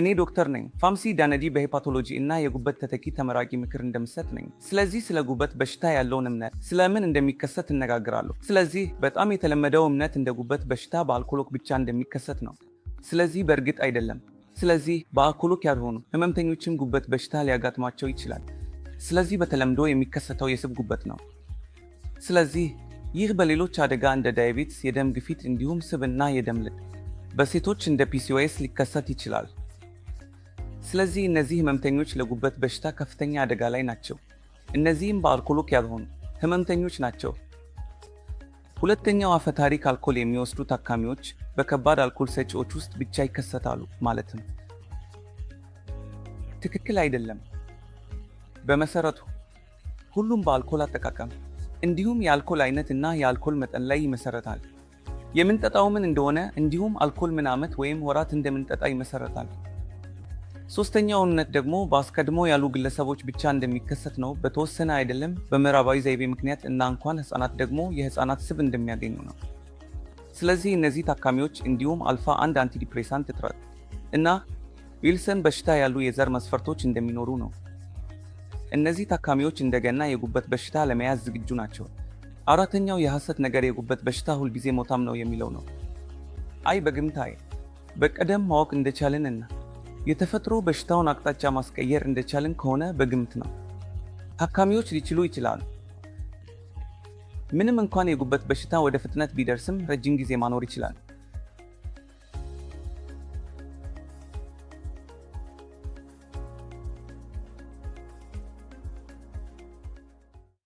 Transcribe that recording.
እኔ ዶክተር ነኝ። ፋምሲ ዳነዲ በሄፓቶሎጂ እና የጉበት ተተኪ ተመራቂ ምክር እንደምሰጥ ነኝ። ስለዚህ ስለ ጉበት በሽታ ያለውን እምነት ስለምን እንደሚከሰት እነጋግራለሁ። ስለዚህ በጣም የተለመደው እምነት እንደ ጉበት በሽታ በአልኮሎክ ብቻ እንደሚከሰት ነው። ስለዚህ በእርግጥ አይደለም። ስለዚህ በአልኮሎክ ያልሆኑ ህመምተኞችም ጉበት በሽታ ሊያጋጥማቸው ይችላል። ስለዚህ በተለምዶ የሚከሰተው የስብ ጉበት ነው። ስለዚህ ይህ በሌሎች አደጋ እንደ ዳያቤትስ፣ የደም ግፊት እንዲሁም ስብና የደም ልቅ በሴቶች እንደ ፒሲኦኤስ ሊከሰት ይችላል። ስለዚህ እነዚህ ህመምተኞች ለጉበት በሽታ ከፍተኛ አደጋ ላይ ናቸው። እነዚህም በአልኮሎክ ያልሆኑ ህመምተኞች ናቸው። ሁለተኛው አፈ ታሪክ አልኮል የሚወስዱ ታካሚዎች በከባድ አልኮል ሰጪዎች ውስጥ ብቻ ይከሰታሉ ማለትም ትክክል አይደለም። በመሰረቱ ሁሉም በአልኮል አጠቃቀም እንዲሁም የአልኮል አይነት እና የአልኮል መጠን ላይ ይመሰረታል። የምንጠጣው ምን እንደሆነ እንዲሁም አልኮል ምን ዓመት ወይም ወራት እንደምንጠጣ ይመሰረታል። ሶስተኛውን ደግሞ በአስቀድሞ ያሉ ግለሰቦች ብቻ እንደሚከሰት ነው። በተወሰነ አይደለም በምዕራባዊ ዘይቤ ምክንያት እና እንኳን ህጻናት ደግሞ የህጻናት ስብ እንደሚያገኙ ነው። ስለዚህ እነዚህ ታካሚዎች እንዲሁም አልፋ አንድ አንቲዲፕሬሳንት እጥረት እና ዊልሰን በሽታ ያሉ የዘር መስፈርቶች እንደሚኖሩ ነው። እነዚህ ታካሚዎች እንደገና የጉበት በሽታ ለመያዝ ዝግጁ ናቸው። አራተኛው የሐሰት ነገር የጉበት በሽታ ሁልጊዜ ሞታም ነው የሚለው ነው። አይ በግምታዬ በቀደም ማወቅ እንደቻልንና የተፈጥሮ በሽታውን አቅጣጫ ማስቀየር እንደቻልን ከሆነ በግምት ነው። ታካሚዎች ሊችሉ ይችላሉ። ምንም እንኳን የጉበት በሽታ ወደ ፍጥነት ቢደርስም ረጅም ጊዜ ማኖር ይችላል።